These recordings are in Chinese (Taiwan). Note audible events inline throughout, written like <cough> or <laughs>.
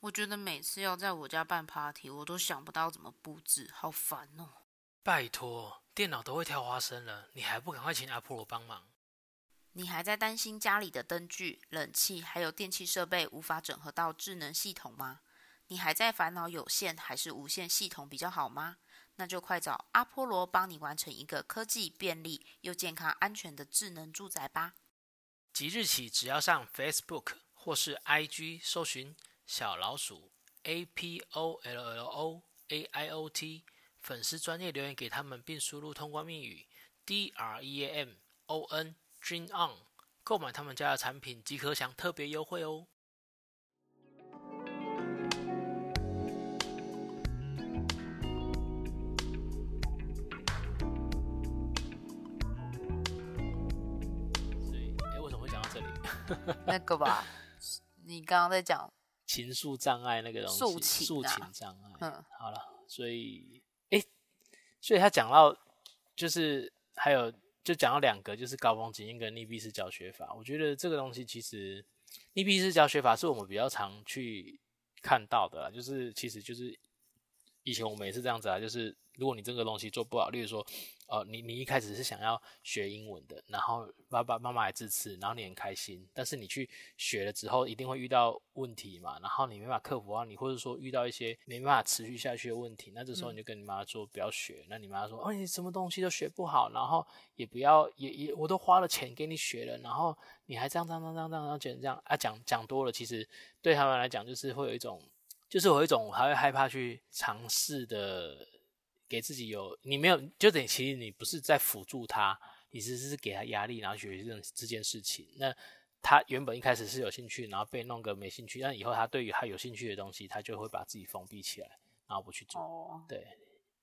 我覺得每次要在我家辦 party，我都想不到怎麼佈置，好煩哦！拜托，電腦都會跳花生了，你還不趕快請阿波羅幫忙？你還在擔心家裡的燈具、冷氣還有電器設備無法整合到智能系統嗎？你還在煩惱有線還是無線系統比較好嗎？那就快找阿波羅幫你完成一個科技便利又健康安全的智能住宅吧！即日起，只要上 Facebook 或是 IG 搜尋。小老鼠，A P O L L O A I O T 粉絲專頁留言給他們，並輸入通關密語 D R E A M O N Dream On，購買他們家的產品即可享特別優惠哦。所以，哎，為什麼會講到這裡？那個吧，你剛剛在講。情愫障礙那個東西，訴情障礙，嗯，好了，所以，哎、欸，所以他講到，就是還有，就講到兩個，就是高峰經驗跟溺斃式教學法。我覺得這個東西其實，溺斃式教學法是我們比較常去看到的啦，就是其實就是。以前我們也是這樣子啊，就是如果你這個東西做不好，例如說，哦、呃，你你一開始是想要學英文的，然後爸爸媽媽來支持，然後你很開心，但是你去學了之後，一定會遇到問題嘛，然後你沒辦法克服啊，然後你或者說遇到一些沒辦法持續下去的問題，那這時候你就跟你媽說不要學，嗯、那你媽說，哦，你什麼東西都學不好，然後也不要也也我都花了錢給你學了，然後你還這樣這樣這樣這樣這樣這樣，這樣啊講講多了，其實對他們來講就是會有一種。就是我有一種他會害怕去嘗試的，給自己有你沒有就等於其實你不是在輔助他，你只是,是給他壓力，然後學習這這件事情。那他原本一開始是有興趣，然後被弄個沒興趣，那以後他對於他有興趣的東西，他就會把自己封閉起來，然後不去做。對，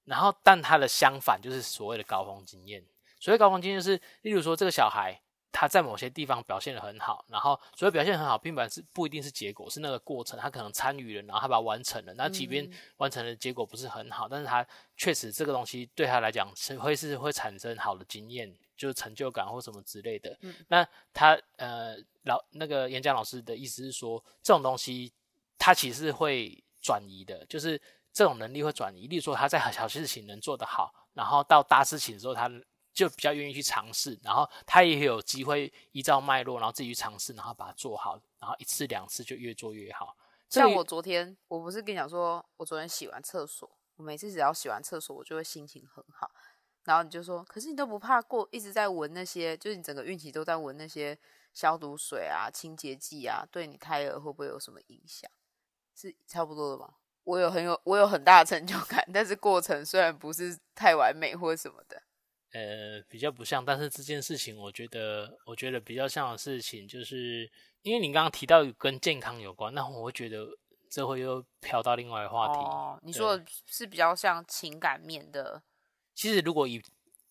然後但他的相反就是所謂的高峰經驗。所謂高峰經驗就是，例如說這個小孩。他在某些地方表現得很好，然後所謂表現得很好，並不是不一定是結果，是那個過程，他可能參與了，然後他把它完成了。那即便完成的結果不是很好，嗯，但是他確實這個東西對他來講是會是會產生好的經驗，就是成就感或什麼之類的。嗯、那他呃老那個演講老師的意思是說，這種東西他其實會轉移的，就是這種能力會轉移。例如說他在小事情能做得好，然後到大事情的時候他。就比較願意去嘗試，然後他也有機會依照脈絡，然後自己去嘗試，然後把它做好，然後一次兩次就越做越好。像我昨天，我不是跟你講說，我昨天洗完廁所，我每次只要洗完廁所，我就會心情很好。然後你就說，可是你都不怕過，一直在聞那些，就是你整個孕期都在聞那些消毒水啊、清潔劑啊，對你胎兒會不會有什麼影響？是差不多的嗎？我有很有，我有很大的成就感，但是過程雖然不是太完美或什麼的。呃，比較不像，但是這件事情，我覺得，我覺得比較像的事情，就是，因為你剛剛提到跟健康有關，那我覺得這會又飄到另外一個的話題。哦，你說的是比較像情感面的。其實，如果以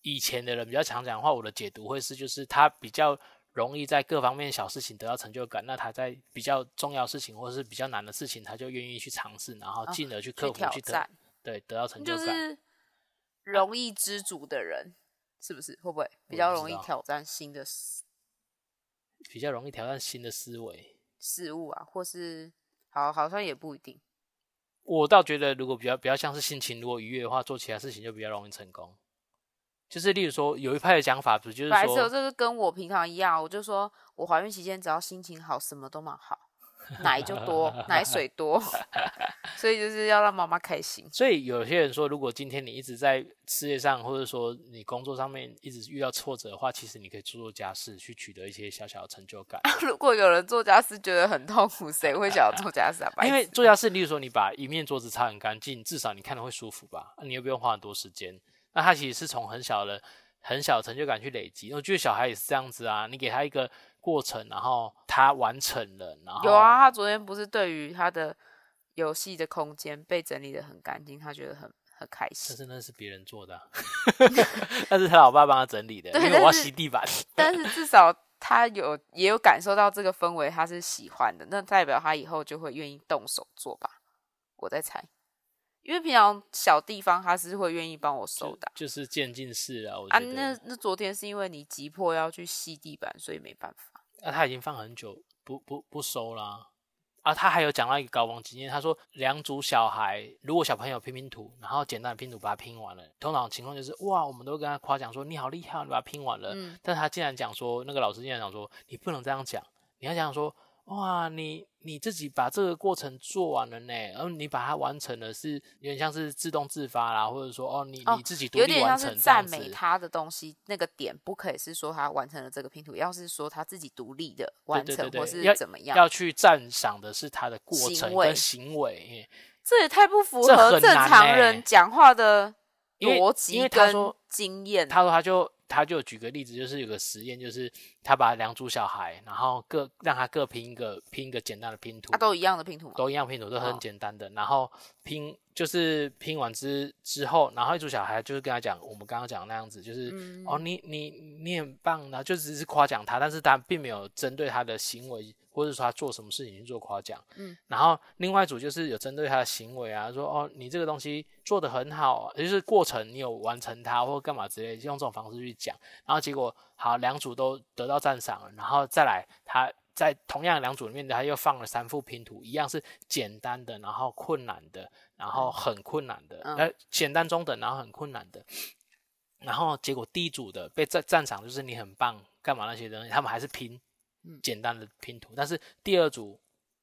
以前的人比較常講的話，我的解讀會是，就是他比較容易在各方面小事情得到成就感，那他在比較重要事情或者是比較難的事情，他就願意去嘗試，然後進而去克服、啊、去挑戰，去得，對，得到成就感。就是容易知足的人。啊是不是會不會比較容易挑戰新的事，比較容易挑戰新的思維、事物啊，或是好好像也不一定。我倒覺得，如果比較比較像是心情如果愉悅的話，做其他事情就比較容易成功。就是例如說，有一派的講法，不就是白色？就是,是跟我平常一樣，我就說我懷孕期間只要心情好，什麼都蠻好。奶就多，奶水多， <laughs> 所以就是要讓媽媽開心。所以有些人說，如果今天你一直在事業上，或者說你工作上面一直遇到挫折的話，其實你可以做做家事，去取得一些小小的成就感。 <laughs> 如果有人做家事覺得很痛苦，誰會想要做家事啊？ <laughs> 因為做家事，例如說你把一面桌子擦很乾淨，至少你看着會舒服吧？那你又不用花很多時間。那他其實是從很小的、很小的成就感去累積。那我覺得小孩也是這樣子啊，你給他一個。過程，然後他完成了，然後有啊，他昨天不是對於他的遊戲的空間被整理得很乾淨，他覺得很很開心。但是那是別人做的啊， <laughs> <laughs> <laughs> 那是他老爸幫他整理的，對，因為我要洗地板。但是, <laughs> 但是至少他有也有感受到這個氛圍，他是喜歡的， <laughs> 那代表他以後就會願意動手做吧？我在猜，因為平常小地方他是會願意幫我收的，就是漸進式啊我。啊，那那昨天是因為你急迫要去吸地板，所以沒辦法。那、啊、他已經放很久，不不不收啦，啊。啊，他還有講到一個高峰經驗，他說，兩組小孩，如果小朋友拼拼圖，然後簡單的拼圖把它拼完了，通常情況就是哇，我們都跟他誇獎說你好厲害，你把它拼完了。嗯。但他竟然講說，那個老師竟然講說，你不能這樣講，你要這樣說。哇，你你自己把這個過程做完了呢，然後你把它完成了是，是有點像是自動自發啦，或者說哦，你你自己獨立完成，哦。有點像是讚美他的東西，那個點不可以是說他完成了這個拼圖，要是說他自己獨立的完成，對對對對，或是怎麼樣，要，要去讚賞的是他的過程跟行為。行為欸、這也太不符合，欸、正常人講話的邏輯跟經驗。因為他說他就他就舉個例子，就是有個實驗，就是。他把兩組小孩，然後各讓他各拼一個拼一個簡單的拼圖，那、啊、都一樣的拼圖嗎？都一樣拼圖，都、就是、很簡單的。哦、然後拼就是拼完之之後，然後一組小孩就是跟他講，我們剛剛講的那樣子，就是、嗯、哦，你你你很棒、啊，然後就只是誇獎他，但是他並沒有針對他的行為或者說他做什麼事情去做誇獎。嗯。然後另外一組就是有針對他的行為啊，說哦，你這個東西做得很好，也就是過程你有完成它或幹嘛之類，用這種方式去講。然後結果好，兩組都得到讚賞，然後再來，他在同樣兩組裡面的，他又放了三副拼圖，一樣是簡單的，然後困難的，然後很困難的，那、嗯、簡單中等，然後很困難的，然後結果第一組的被讚讚賞，就是你很棒、幹嘛那些東西，他們還是拼簡單的拼圖，嗯，但是第二組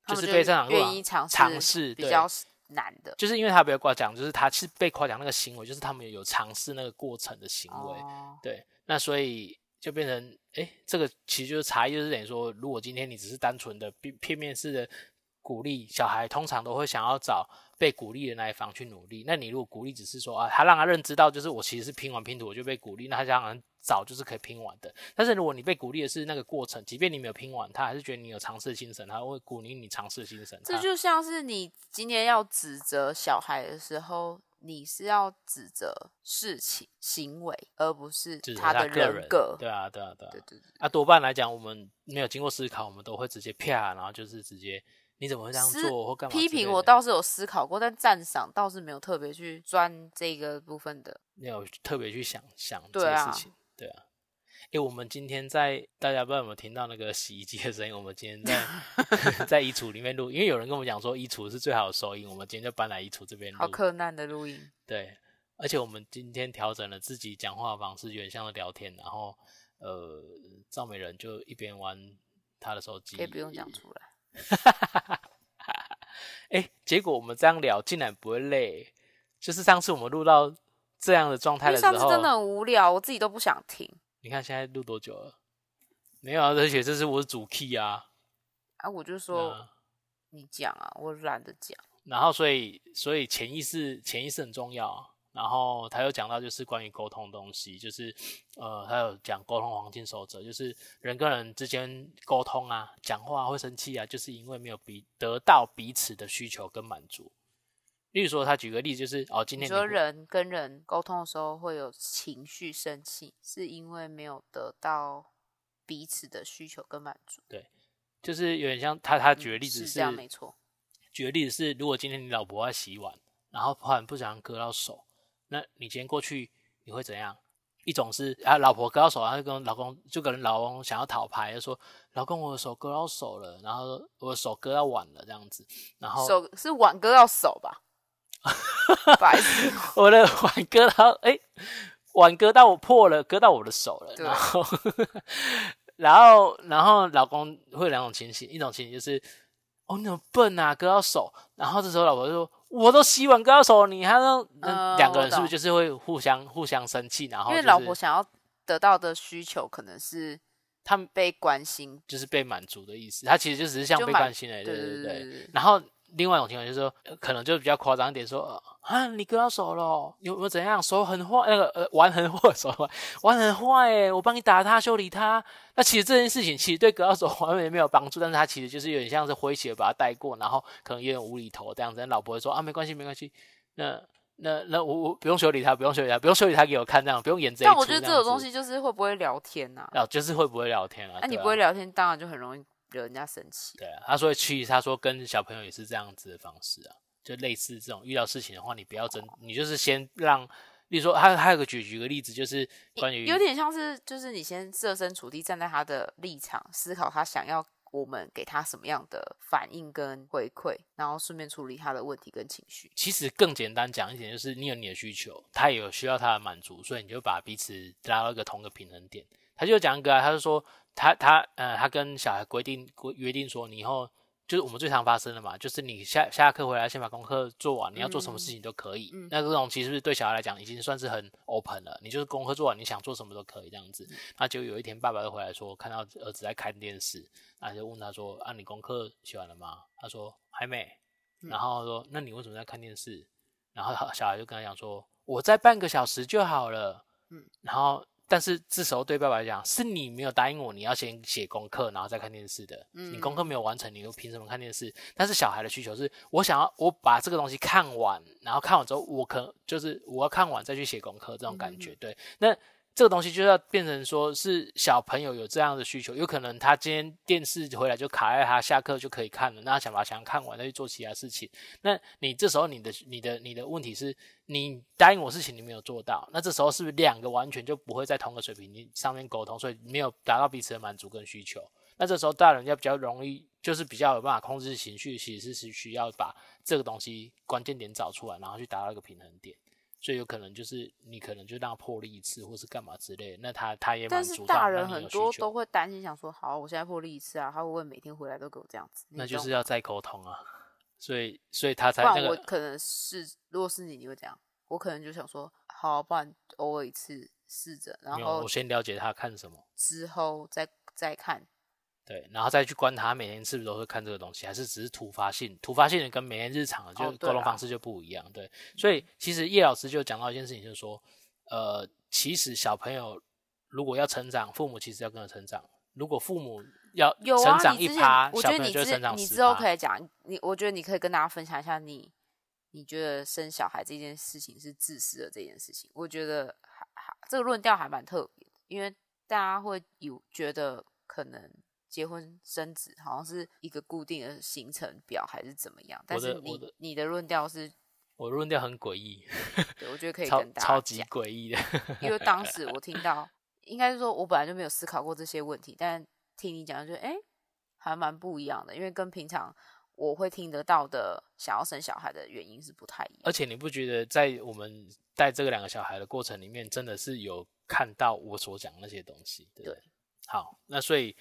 就是被讚賞、啊、願意嘗試，嘗試比較難的，就是因為他沒有掛獎，就是他是被誇獎那個行為，就是他們有嘗試那個過程的行為，哦、對，那所以。就變成，誒、欸、這個其實就是差異，就是等於說，如果今天你只是單純的、片面式的鼓勵小孩，通常都會想要找被鼓勵的那一方去努力。那你如果鼓勵只是說啊，他讓他認知到，就是我其實是拼完拼圖我就被鼓勵，那他當然找就是可以拼完的。但是如果你被鼓勵的是那個過程，即便你沒有拼完，他還是覺得你有嘗試的精神，他會鼓勵你嘗試的精神。這就像是你今天要指責小孩的時候。你是要指責事情、行為，而不是他的人格。就是他個人，對啊，對啊，對啊，對啊。對對對對對。啊，多半來講，我們沒有經過思考，我們都會直接啪，然後就是直接你怎麼會這樣做或幹嘛？批評我倒是有思考過，但讚賞倒是沒有特別去鑽這個部分的。沒有特別去想想這個事情，對啊。對啊。為、欸、我們今天在，大家不知道有沒有聽到那個洗衣機的聲音。我們今天在 <laughs> 在衣櫥裡面錄，因為有人跟我們講說衣櫥是最好的收音。我們今天就搬來衣櫥這邊錄。好克難的錄音。對，而且我們今天調整了自己講話方式，原相的聊天。然後，呃，趙美人就一邊玩她的手機，也、欸、不用講出來。哎、 <laughs> 欸，結果我們這樣聊竟然不會累。就是上次我們錄到這樣的狀態的時候，因為上次真的很無聊，我自己都不想聽。你看現在錄多久了？沒有啊，而且這是我的主 key 啊！啊，我就說你講啊，我懶得講。然後，所以，所以潛意識，潛意識很重要。然後，他又講到就是關於溝通的東西，就是呃，他有講溝通黃金守則，就是人跟人之間溝通啊，講話會生氣啊，就是因為沒有彼得到彼此的需求跟滿足。例如說，他舉個例子就是哦，今天你，你說人跟人溝通的時候會有情緒，生氣是因為沒有得到彼此的需求跟滿足。對，就是有點像他他舉的例子是，嗯，是這樣，沒錯。舉個例子是，如果今天你老婆在洗碗，然後突然不想割到手，那你今天過去你會怎樣？一種是啊，老婆割到手，然後就跟老公就可能老公想要討拍，說老公我的手割到手了，然後我的手割到碗了這樣子，然後手是碗割到手吧？ <laughs> 我的碗割到，哎、欸，碗割到我破了，割到我的手了。然後， <laughs> 然後，然後，然後，老公會有兩種情形，一種情形就是，哦、oh，你笨啊，割到手。然後這時候，老婆就說，我都洗碗割到手，你還能、嗯？那兩個人是不是就是會互相互相生氣？然後、就是，因為老婆想要得到的需求，可能是他們被關心，就是被滿足的意思。他其實就只是像被關心而已，對對對、對、對、對、對。然後。另外一種情況就是說，可能就比較誇張一點說，說啊，你割到手了，有沒有怎樣？手很壞，那個呃，玩很壞，手很壞，玩很壞？哎，我幫你打他，修理他。那其實這件事情其實對割到手完全沒有幫助，但是他其實就是有點像是揮起了把他帶過，然後可能有點無厘頭這樣子。老婆會說啊，沒關係，沒關係。那那那，那我我不用修理他，不用修理他，不用修理他給我看這樣子，不用演這一出。但我覺得這種東西就是會不會聊天吶、啊？啊，就是會不會聊天啊？那、啊啊、你不會聊天，當然就很容易。惹人家生氣，對啊，他所以其實，他說跟小朋友也是這樣子的方式啊，就類似這種遇到事情的話，你不要爭，啊、你就是先讓，例如說，他還有個舉舉個例子，就是關於有點像是，就是你先設身處地站在他的立場，思考他想要我們給他什麼樣的反應跟回饋，然後順便處理他的問題跟情緒。其實更簡單講一點，就是你有你的需求，他也有需要他的滿足，所以你就把彼此拉到一個同個平衡點。他就講一個、啊、他就說他他呃，他跟小孩規定約定說，你以後就是我們最常發生的嘛，就是你下下課回來先把功課做完，你要做什麼事情都可以。嗯、那這種其實對小孩來講已經算是很 open 了，你就是功課做完，你想做什麼都可以這樣子。那就有一天，爸爸就回來說，看到兒子在看電視，然後就問他說啊，你功課寫完了嗎？他說還沒。然後說那你為什麼在看電視？然後小孩就跟他講說，我再半個小時就好了。然後。但是這時候對爸爸來講，是你沒有答應我，你要先寫功課，然後再看電視的。嗯，你功課沒有完成，你又憑什麼看電視？但是小孩的需求是，我想要我把這個東西看完，然後看完之後，我可就是我要看完再去寫功課這種感覺。嗯、哼哼，對，那。這個東西就是要變成說是小朋友有這樣的需求，有可能他今天電視回來就卡在他下課就可以看了，那他想把他想看完再去做其他事情。那你這時候你的你的你的問題是，你答應我事情你沒有做到，那這時候是不是兩個完全就不會在同個水平你上面溝通，所以沒有達到彼此的滿足跟需求？那這時候大人要比較容易，就是比較有辦法控制情緒，其實是需要把這個東西關鍵點找出來，然後去達到一個平衡點。所以有可能就是你可能就讓他破例一次，或是幹嘛之類，那他他也滿足的。但是大人很多都會擔心，想說好，我現在破例一次啊，他會不會每天回來都給我這樣子？那就是要再溝通啊，所以所以他才、那個，不然我可能是如果是你，你會怎樣？我可能就想說好，不然偶爾一次試着，然後我先了解他看什麼，之後再再看。對，然後再去觀察他他每天是不是都會看這個東西，還是只是突發性、突發性的跟每天日常的就溝通、哦、方式就不一樣。對，所以其實葉老師就講到一件事情，就是說，呃，其實小朋友如果要成長，父母其實要跟着成長。如果父母要成長一趴、啊，我覺得你是，小朋友就會成長四趴，你之後可以講，你我覺得你可以跟大家分享一下你，你你覺得生小孩這件事情是自私的這件事情，我覺得還還，這個論調還蠻特別的，因為大家會有覺得可能。結婚生子好像是一個固定的行程表，還是怎麼樣？但是你我的我的你的論調是，我論調很詭異， <laughs> 我覺得可以跟大家講，超，超級詭異的。 <laughs> 因為當時我聽到，應該是說，我本來就沒有思考過這些問題，但聽你講，就、欸、哎，還蠻不一樣的。因為跟平常我會聽得到的想要生小孩的原因是不太一樣。而且你不覺得，在我們帶這個兩個小孩的過程裡面，真的是有看到我所講那些東西對？對，好，那所以。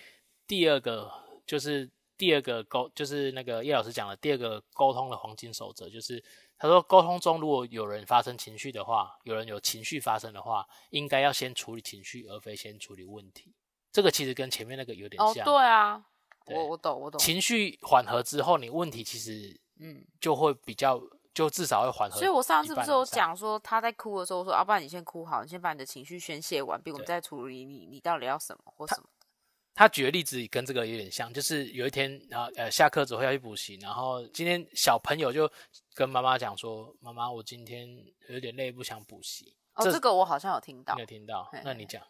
第二個就是第二個溝，就是那個葉老師講的第二個溝通的黃金守則，就是他說，溝通中如果有人發生情緒的話，有人有情緒發生的話，應該要先處理情緒，而非先處理問題。這個其實跟前面那個有點像。哦，對啊，對我我懂，我懂。情緒緩和之後，你問題其實嗯就會比較，嗯、就至少會緩和。所以我上次不是有講說他在哭的時候，我說，要、啊、不然你先哭好，你先把你的情緒宣洩完畢，我們再處理你，你到底要什麼或什麼。他舉的例子跟這個有點像，就是有一天啊，呃，下課之後要去補習，然後今天小朋友就跟媽媽講說：“媽媽，我今天有點累，不想補習。”哦，這，這個我好像有聽到，有聽到嘿嘿嘿。那你講，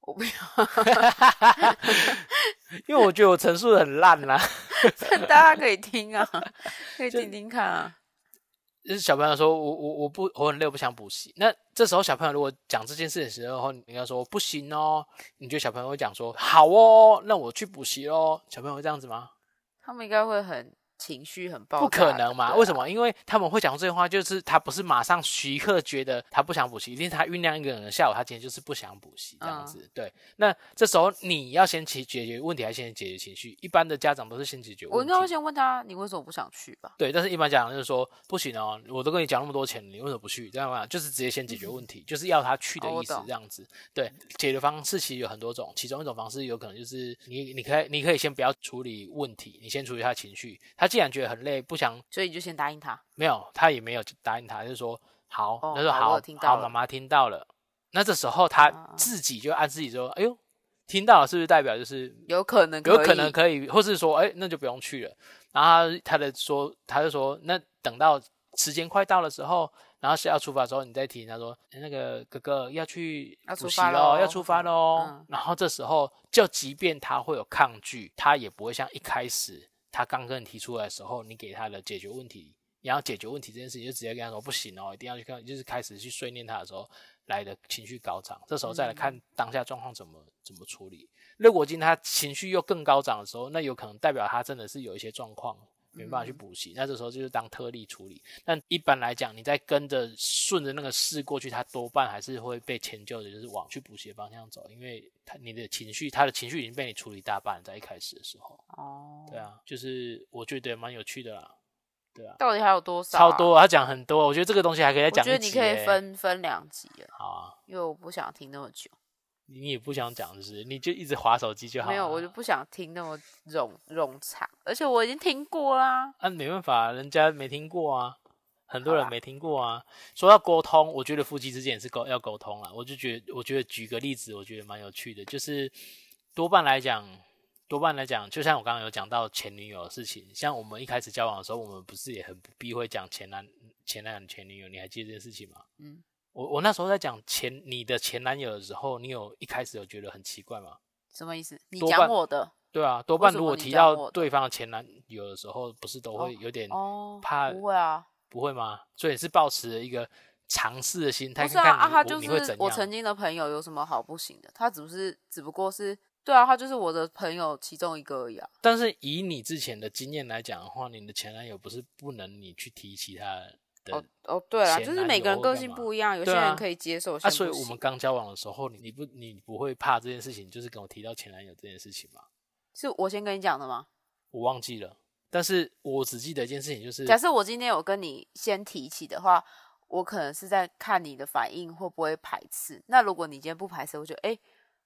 我不要， <laughs> <laughs> 因為我覺得我陳述得很爛啦，大家可以聽啊，可以聽聽看啊。 <laughs> 就是小朋友說，我我我不我很累，我不想補習。那這時候小朋友如果講這件事的時候，然後你要說不行哦，你覺得小朋友會講說好哦，那我去補習咯。小朋友會這樣子嗎？他們應該會很。情緒很暴，不可能嘛、啊？為什麼？因為他們會講這些話，就是他不是馬上時刻覺得他不想補習，一定是他醞釀一個人的下午，他今天就是不想補習這樣子、嗯啊。對，那這時候你要先去解決問題，還是先解決情緒？一般的家長都是先解決問題。我應該會先問他，你為什麼不想去吧？對，但是一般家長就是說不行哦，我都跟你講那麼多錢，你為什麼不去？這樣講就是直接先解決問題，嗯、就是要他去的意思，哦、這樣子。對，解決方式其實有很多種，其中一種方式有可能就是你，你可以你可以先不要處理問題，你先處理他情緒，他。既然覺得很累，不想，所以你就先答應他。沒有，他也沒有答應他，就說好。他說好，好，媽、哦、媽、哦、聽，聽到了。那這時候他自己就按自己說，嗯、哎呦，聽到了，是不是代表就是有可能可以，有可能可以，或是說，哎、欸，那就不用去了。然後他的說，他就說，那等到時間快到的時候，然後是要出發的時候，你再提他說、欸，那個哥哥要去要出發嘍，要出發嘍、嗯。然後這時候，就即便他會有抗拒，他也不會像一開始。嗯他剛跟你提出來的時候，你給他的解決問題，你要解決問題這件事情，就直接跟他說不行哦，一定要去看，就是開始去訓練他的時候來的情緒高漲，這時候再來看當下狀況怎麼怎麼處理。如果今天他情緒又更高漲的時候，那有可能代表他真的是有一些狀況。沒辦法去補習，那這時候就是當特例處理。但一般來講，你在跟着順着那個事過去，他多半還是會被遷就的，就是往去補習的方向走。因為他你的情緒，他的情緒已經被你處理大半，在一開始的時候。哦。對啊，就是我覺得蠻有趣的啦。對啊。到底還有多少啊？超多，他講很多。我覺得這個東西還可以再講一集欸，我覺得你可以分分兩集了。好啊。因為我不想聽那麼久。你也不想講，就是你就一直划手機就好。沒有，我就不想聽那麼冗冗長，而且我已經聽過啦。啊，沒辦法，人家沒聽過啊，很多人沒聽過啊。啊說到溝通，我覺得夫妻之間也是溝要溝通啊。我就覺，我覺得舉個例子，我覺得蠻有趣的，就是多半來講，多半來講，就像我剛剛有講到前女友的事情。像我們一開始交往的時候，我們不是也很避諱講前男前男友、前女友，你還記得這件事情嗎？嗯。我我那時候在講前你的前男友的時候，你有一開始有覺得很奇怪嗎？什麼意思？你講我的？對啊，多半如果提到對方的前男友的時候，不是都會有點怕？哦哦、不會啊，不會嗎？所以是抱持了一個嘗試的心態、啊，看看你會怎樣。啊、他就是我曾經的朋友有什麼好不行的？他只是只不過是對啊，他就是我的朋友其中一個而已啊。但是以你之前的經驗來講的話，你的前男友不是不能你去提其他人？哦、oh, 哦、oh, 對啦，就是每個人個性不一樣，有些人可以接受。啊、啊，所以我們剛交往的時候，你你不你不會怕這件事情，就是跟我提到前男友這件事情嗎？是我先跟你講的嗎？我忘記了，但是我只記得一件事情，就是假設我今天有跟你先提起的話，我可能是在看你的反應會不會排斥。那如果你今天不排斥，我覺得哎、欸，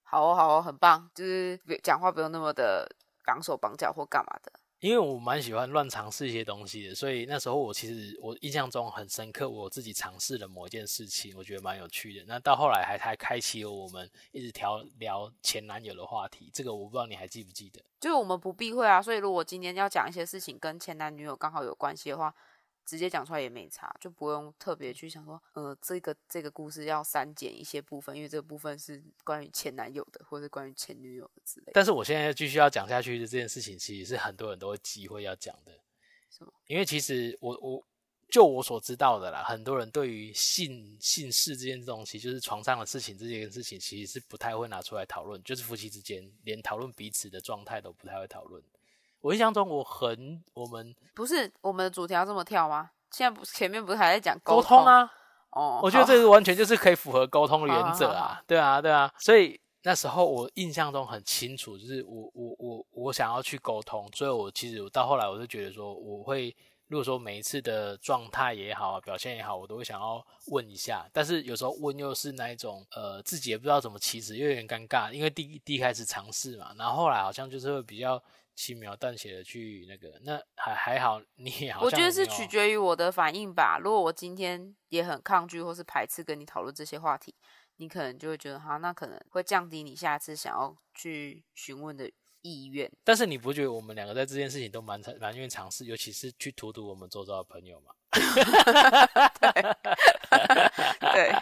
好哦好哦，很棒，就是講話不用那麼的綁手綁腳或幹嘛的。因為我蠻喜歡亂嘗試一些東西的，所以那時候我其實我印象中很深刻，我自己嘗試了某一件事情，我覺得蠻有趣的。那到後來還還開啟了我們一直聊聊前男友的話題，這個我不知道你還記不記得？就是我們不避諱啊，所以如果今天要講一些事情跟前男女友剛好有關係的話。直接講出來也沒差，就不用特別去想說，呃，這個這個故事要刪減一些部分，因為這個部分是關於前男友的，或者是關於前女友的之類的。但是我現在繼續要講下去的這件事情，其實是很多人都忌諱要講的。因為其實我我就我所知道的啦，很多人對於性性事這件東西，就是床上的事情這件事情，其實是不太會拿出來討論，就是夫妻之間連討論彼此的狀態都不太會討論。我印象中我，我很我們不是我們的主題這麼跳嗎？現在不前面不是還在講溝通，溝通啊？哦、oh，我覺得這個完全就是可以符合溝通的原則啊！Oh. Oh, oh, oh, oh. 對啊，對啊。所以那時候我印象中很清楚，就是我我我我想要去溝通，所以我其實我到後來我就覺得說，我會如果說每一次的狀態也好，表現也好，我都會想要問一下。但是有時候問又是那一種呃，自己也不知道怎麼啟齒，又有點尷尬，因為第一第一開始嘗試嘛，然後後來好像就是會比較。輕描淡寫的去那個，那還還好。你也好有有我覺得是取決於我的反應吧。如果我今天也很抗拒或是排斥跟你討論這些話題，你可能就會覺得哈，那可能會降低你下次想要去詢問的意願。但是你不覺得我們兩個在這件事情都蠻蠻願意嘗試，尤其是去荼毒我們周遭的朋友嘛？ <laughs> 對， <laughs> <laughs> 對，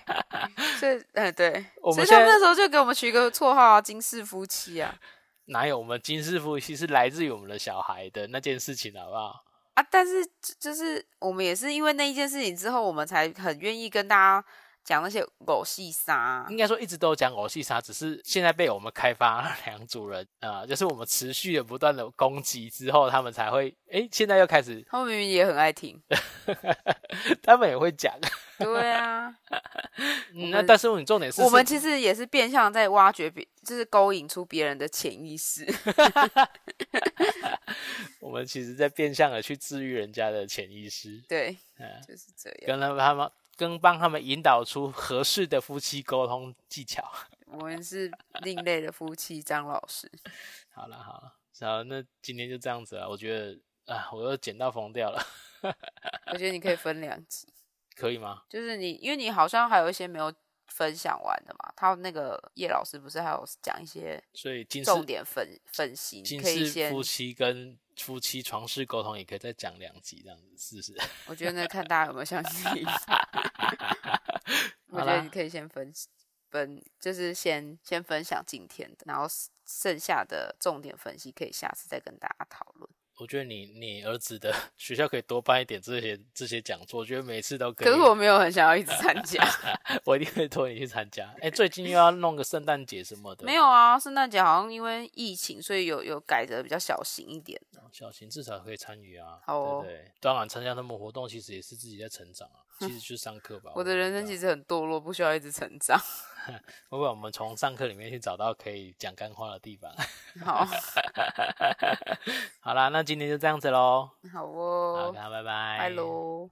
所以嗯對，所以他們那時候就給我們取一個綽號啊，“金氏夫妻”啊。哪有，我們金氏夫妻，是來自於我們的小孩的那件事情，好不好？啊，但是就是我們也是因為那一件事情之後，我們才很願意跟大家。講那些五四三，應該說一直都講五四三，只是現在被我們開發兩組人啊、呃，就是我們持續的不斷的攻擊之後，他們才會哎、欸，現在又開始。他們明明也很愛聽， <laughs> 他們也會講。對啊， <laughs> 那我但是你重點是，我們其實也是變相在挖掘別，別就是勾引出別人的潛意識。 <laughs> <laughs> 我們其實，在變相的去治癒人家的潛意識。對，就是這樣。跟他們他們。跟幫他們引導出合適的夫妻溝通技巧。我們是另類的夫妻，張老師。 <laughs> 好了好了，然後那今天就這樣子啊，我覺得啊，我又剪到瘋掉了。 <laughs> 我覺得你可以分兩集， <laughs> 可以嗎？就是你，因為你好像還有一些沒有分享完的嘛。他那個葉老師不是還有講一些，所以重點分分析，你可以先夫妻跟夫妻床事溝通，也可以再講兩集這樣子，試試。我覺得那看大家有沒有相信。 <laughs> 我覺得你可以先分分，就是先先分享今天的，然後剩下的重點分析可以下次再跟大家討論。我覺得你你兒子的學校可以多辦一點這些這些講座，我覺得每次都可以。可是我沒有很想要一直參加， <laughs> <laughs> 我一定會托你去參加。哎、欸，最近又要弄個聖誕節什麼的。 <laughs> 沒有啊，聖誕節好像因為疫情，所以有有改的比較小型一點的。小型至少可以參與啊，哦、對，對對，當然參加他們活動其實也是自己在成長啊。 <laughs> 其實去上課吧。我的人生其實很墮落， <laughs> 不需要一直成長。 <laughs> <laughs> 會不過我們從上課裡面去找到可以講幹話的地方。 <laughs> 好。 <laughs> <laughs> 好啦，那今天就這樣子嘍。好哦。好的，拜拜。Hello